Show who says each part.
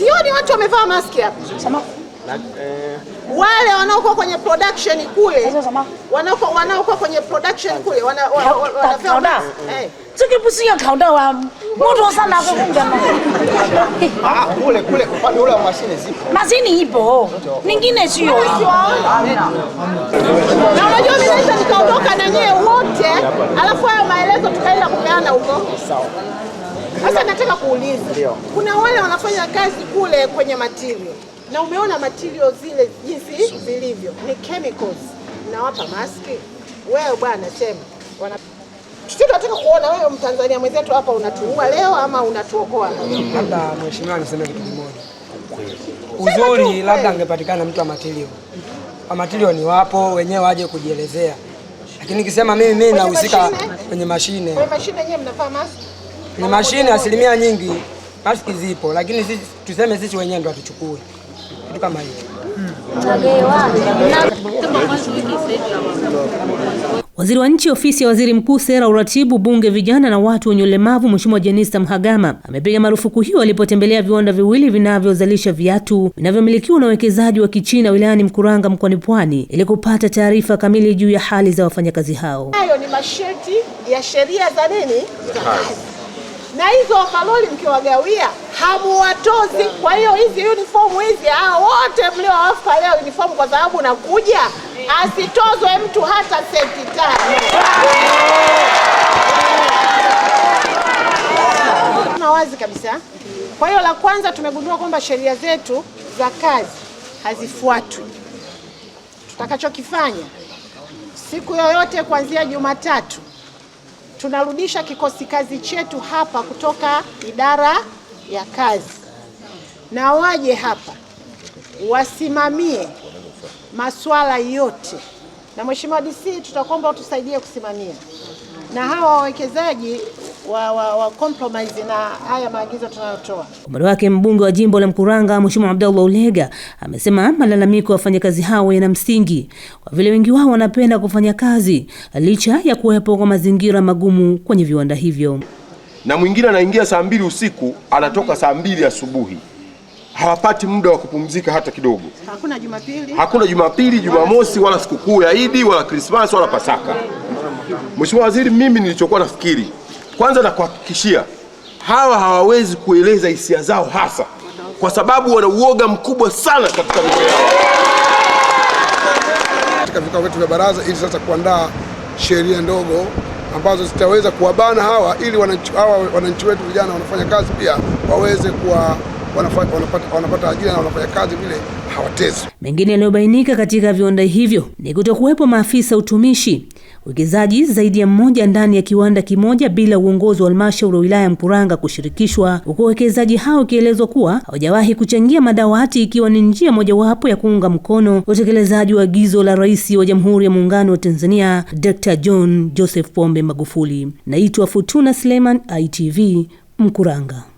Speaker 1: Sioni watu wamevaa maski hapa.
Speaker 2: Eh,
Speaker 1: Wale wanaokuwa kwenye production kule, wanaokuwa kwenye production kule
Speaker 2: wana wanafaa eh. moto sana kufunga
Speaker 3: ah, kule kule kwa ule mashine zipo.
Speaker 2: Mashine ipo. Nyingine sio.
Speaker 1: Na unajua mimi naweza nikaondoka na nyewe wote, alafu haya maelezo tukaenda kupeana huko. Sawa. Sasa nataka kuuliza, kuna wale wanafanya kazi kule kwenye material na umeona material zile jinsi zilivyo, ni chemicals, nawapa maski. Wewe bwana sema wana tunataka kuona wewe Mtanzania mwenzetu hapa unatuua leo ama unatuokoa?
Speaker 4: Labda mheshimiwa niseme kitu kimoja, uzuri labda angepatikana mtu wa material. Wa material ni wapo wenyewe waje kujielezea, lakini nikisema mimi mimi nahusika kwenye mashine.
Speaker 1: Kwenye mashine yenyewe mnavaa maski
Speaker 4: ni mashine asilimia nyingi maski zipo, lakini sisi tuseme sisi wenyewe ndo hatuchukue kitu kama hiyo.
Speaker 5: Waziri wa Nchi, Ofisi ya Waziri Mkuu, Sera, Uratibu, Bunge, Vijana na Watu wenye Ulemavu, Mheshimiwa Jenista Mhagama amepiga marufuku hiyo alipotembelea viwanda viwili vinavyozalisha viatu vinavyomilikiwa na wawekezaji wa Kichina wilayani Mkuranga mkoani Pwani ili kupata taarifa kamili juu ya hali za wafanyakazi hao.
Speaker 1: Hayo ni masharti ya sheria za nini? na hizo ovaroli mkiwagawia hamuwatozi. Kwa hiyo hizi uniform hizi hao wote mliowapa leo uniform, kwa sababu nakuja, asitozwe mtu hata senti tano. Na wazi kabisa. Kwa hiyo la kwanza tumegundua kwamba sheria zetu za kazi hazifuatwi. Tutakachokifanya siku yoyote kuanzia Jumatatu tunarudisha kikosi kazi chetu hapa kutoka idara ya kazi, na waje hapa wasimamie masuala yote, na Mheshimiwa DC, tutakuomba utusaidie kusimamia na hawa wawekezaji wa, wa, wa compromise na haya maagizo tunayotoa. Kwa
Speaker 5: upande wake mbunge wa jimbo la Mkuranga Mheshimiwa Abdallah Ulega amesema malalamiko ya wafanyakazi hao yana msingi kwa vile wengi wao wanapenda kufanya kazi licha ya kuwepo kwa mazingira magumu kwenye viwanda hivyo.
Speaker 6: Na mwingine anaingia saa mbili usiku anatoka saa mbili asubuhi hawapati muda wa kupumzika hata kidogo.
Speaker 1: Hakuna Jumapili,
Speaker 6: hakuna Jumapili, Jumamosi wala sikukuu ya Idi wala Krismasi wala Pasaka. Mheshimiwa Waziri, mimi nilichokuwa nafikiri kwanza nakuhakikishia hawa hawawezi kueleza hisia zao hasa kwa sababu wana uoga mkubwa sana katika mikoa yao.
Speaker 7: Katika vikao vyetu vya baraza ili sasa kuandaa sheria ndogo ambazo zitaweza kuwabana hawa ili wananchi hawa wananchi wetu vijana wanafanya kazi pia waweze kuwa wanapata, wanapata ajira na wanafanya kazi vile hawatezi.
Speaker 5: Mengine yaliyobainika katika viwanda hivyo ni kutokuwepo maafisa utumishi Uwekezaji zaidi ya mmoja ndani ya kiwanda kimoja bila uongozi wa halmashauri ya wilaya Mkuranga kushirikishwa, huku wawekezaji hao ikielezwa kuwa hawajawahi kuchangia madawati, ikiwa ni njia mojawapo ya kuunga mkono utekelezaji wa agizo la Rais wa Jamhuri ya Muungano wa Tanzania Dr. John Joseph Pombe Magufuli. Naitwa Futuna Suleiman, ITV Mkuranga.